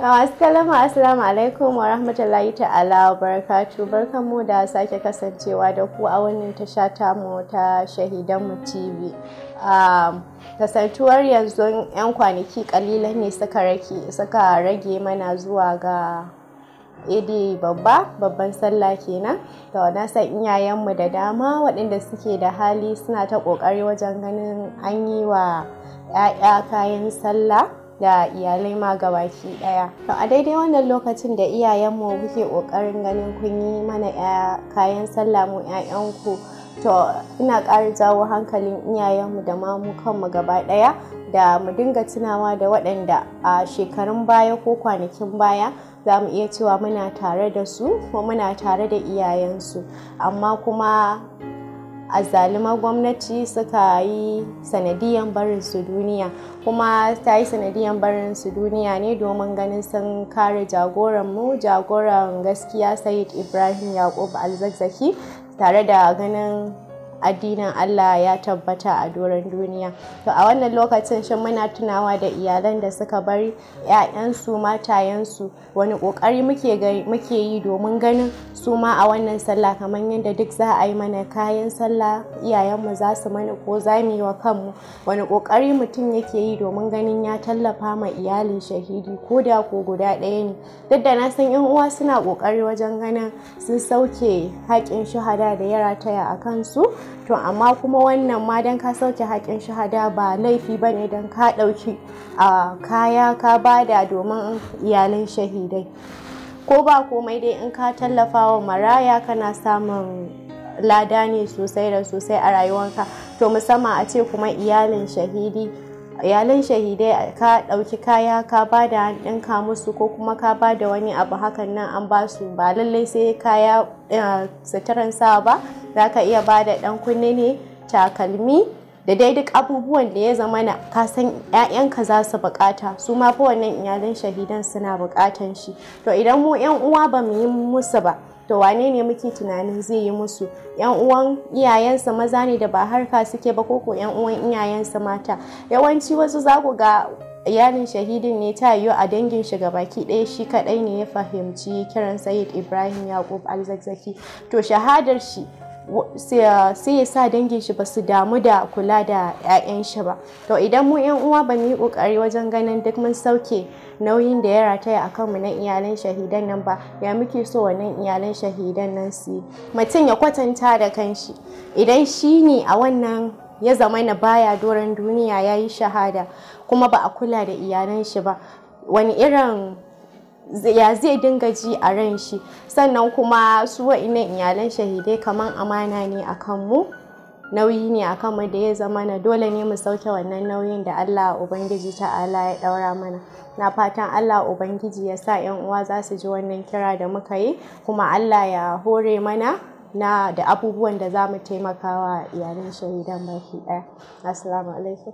Assalamu assalamu alaikum wa rahmatullahi ta'ala wa barakatu barkanmu da sake kasancewa da ku a wannan tasha mu ta shahidanmu TV. Kasantuwar yanzu 'yan kwanaki kalilan ne suka rage mana zuwa ga idi babba babban sallah kenan da na san iyayenmu da dama waɗanda suke da hali suna ta ƙoƙari wajen ganin an yi wa 'ya'ya kayan sallah da iyalai ma gabaki daya to a daidai wannan lokacin da iyayenmu kuke kokarin ganin kun yi mana kayan sallah mu 'ya'yanku to ina ƙara jawo hankalin iyayenmu da mamukanmu mu gaba daya da mu dinga tunawa da waɗanda a shekarun baya ko kwanakin baya za mu iya cewa muna tare da su ko muna tare da iyayensu amma kuma azalima gwamnati suka yi sanadiyan barin su duniya kuma ta yi sanadiyan barin su duniya ne domin ganin sun kare jagoran mu, jagoran gaskiya sayid ibrahim yakub alzazzaki tare da ganin addinin Allah ya tabbata a doron duniya to a wannan lokacin shin muna tunawa da iyalan da suka bari 'ya'yansu matayensu wani ƙoƙari muke yi domin ganin su ma a wannan sallah kamar yadda duk za a yi mana kayan sallah iyayenmu za su mana ko za mu yi wa kanmu wani ƙoƙari mutum yake yi domin ganin ya tallafa ma iyalin shahidi ko da ko guda ɗaya ne duk da na san yan uwa suna ƙoƙari wajen ganin sun sauke haƙƙin shahada da ya rataya a kansu to amma kuma wannan ma don ka sauke haƙin shahada ba laifi ba ne don ka ɗauki a kaya ka bada domin iyalin shahidai ko ba komai dai in ka tallafa wa maraya kana samun lada ne sosai da sosai a rayuwanka to musamman a ce kuma iyalin shahidi iyalan shahidai ka ɗauki kaya ka ba da ɗinka musu ko kuma ka ba da wani abu hakan nan an ba su ba lallai sai kaya eh, suturan sa ba za ka iya ba da ɗan kunne ne takalmi da dai duk abubuwan da ya zama na ka san 'ya'yanka za su bukata su ma fa wannan iyalan shahidan suna bukatan shi to idan mu 'yan uwa ba mu yi musu ba to wane ne muke tunanin zai yi musu yan uwan iyayensa maza ne da ba harka suke ba koko yan uwan iyayensa mata yawanci wasu za ku ga iyalin shahidin ne ta yiwu a dangin shiga baki ɗaya shi kaɗai ne ya fahimci kiran sayid ibrahim yakub alzazzaki to shahadar shi sai ya sa dangin shi ba su damu da kula da 'ya'yan shi ba to idan mu 'yan uwa ba mu yi kokari wajen ganin duk mun sauke nauyin da ya rataya a kanmu na iyalan shahidan nan ba ya muke so wannan iyalan shahidan nan su yi mutum ya kwatanta da kanshi idan shi ne a wannan ya zama na baya doron duniya ya yi shahada kuma ba a kula da iyalan shi ba wani irin ya zai dinga ji a ran shi sannan kuma su wa'inan iyalan shahidai kamar amana ne a kanmu nauyi ne a kanmu da ya zama na dole ne mu sauke wannan nauyin da allah ubangiji ta'ala ya daura mana na fatan allah ubangiji ya sa yan uwa za su ji wannan kira da muka yi kuma allah ya hore mana na da abubuwan da za mu taimakawa iyalan shahidan baki ɗaya assalamu alaikum